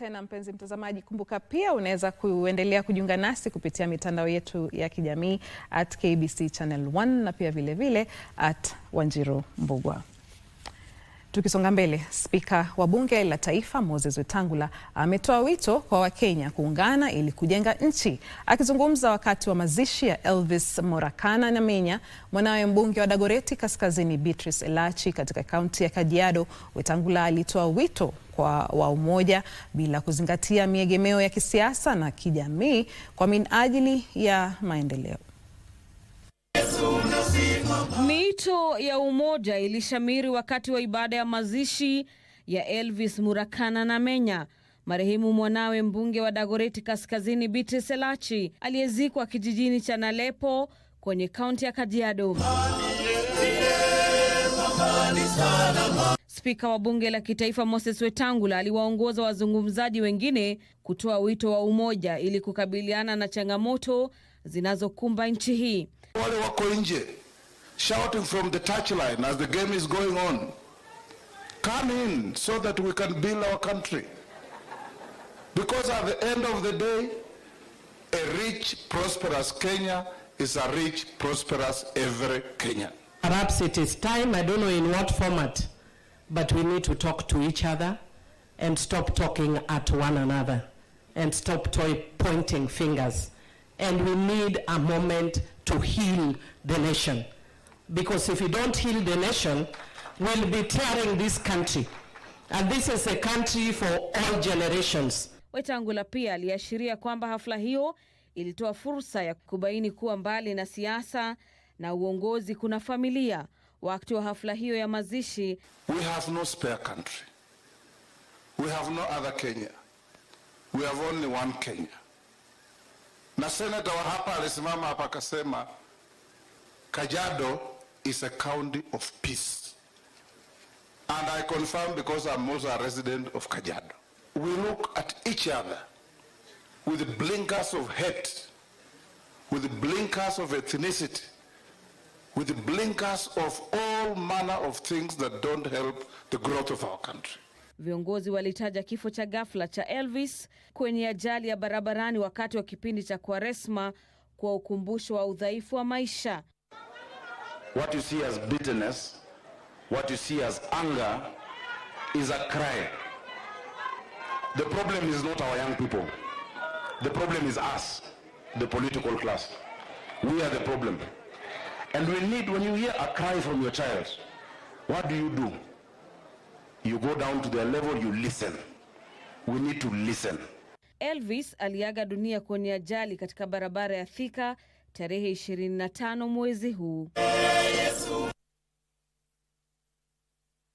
tena mpenzi mtazamaji, kumbuka pia unaweza kuendelea kujiunga nasi kupitia mitandao yetu ya kijamii at KBC Channel 1 na pia vilevile vile at Wanjiru Mbugwa. Tukisonga mbele, spika wa bunge la taifa Moses Wetang'ula ametoa wito kwa Wakenya kuungana ili kujenga nchi. Akizungumza wakati wa mazishi ya Elvis Morakana Namenya, mwanawe mbunge wa Dagoretti Kaskazini Beatrice Elachi katika kaunti ya Kajiado, Wetang'ula alitoa wito kwa wa umoja bila kuzingatia miegemeo ya kisiasa na kijamii kwa minajili ya maendeleo. Wito ya umoja ilishamiri wakati wa ibada ya mazishi ya Elvis Murakana Namenya, marehemu mwanawe mbunge wa Dagoretti Kaskazini Biti Selachi aliyezikwa kijijini cha Nalepo kwenye kaunti ya Kajiado. Spika wa bunge la kitaifa Moses Wetangula aliwaongoza wazungumzaji wengine kutoa wito wa umoja ili kukabiliana na changamoto zinazokumba nchi hii. Wale wako nje shouting from the touchline as the game is going on. Come in so that we can build our country. Because at the end of the day, a rich, prosperous Kenya is a rich, prosperous every Kenyan. Perhaps it is time, I don't know in what format, but we need to talk to each other and stop talking at one another and stop toy pointing fingers. And we need a moment to heal the nation. because if we don't heal the nation, we'll be tearing this country. And this is a country for all generations. Wetangula pia aliashiria kwamba hafla hiyo ilitoa fursa ya kubaini kuwa mbali na siasa na uongozi kuna familia. Wakati wa hafla hiyo ya mazishi, we have no spare country. We have no other Kenya. We have only one Kenya. Na seneta wa hapa alisimama hapa akasema Kajado is a county of peace. And I confirm because I'm also a resident of Kajiado. We look at each other with blinkers of hate, with blinkers of ethnicity, with blinkers of all manner of things that don't help the growth of our country. Viongozi walitaja kifo cha ghafla cha Elvis kwenye ajali ya barabarani wakati wa kipindi cha Kwaresma kwa ukumbusho wa udhaifu wa maisha what you see as bitterness, what you see as anger is a cry. The problem is not our young people. The problem is us, the political class. We are the problem. And we need, when you hear a cry from your child, what do you do? You go down to their level, you listen. We need to listen. Elvis aliaga dunia kwenye ajali katika barabara ya Thika tarehe 25 mwezi huu. Yesu.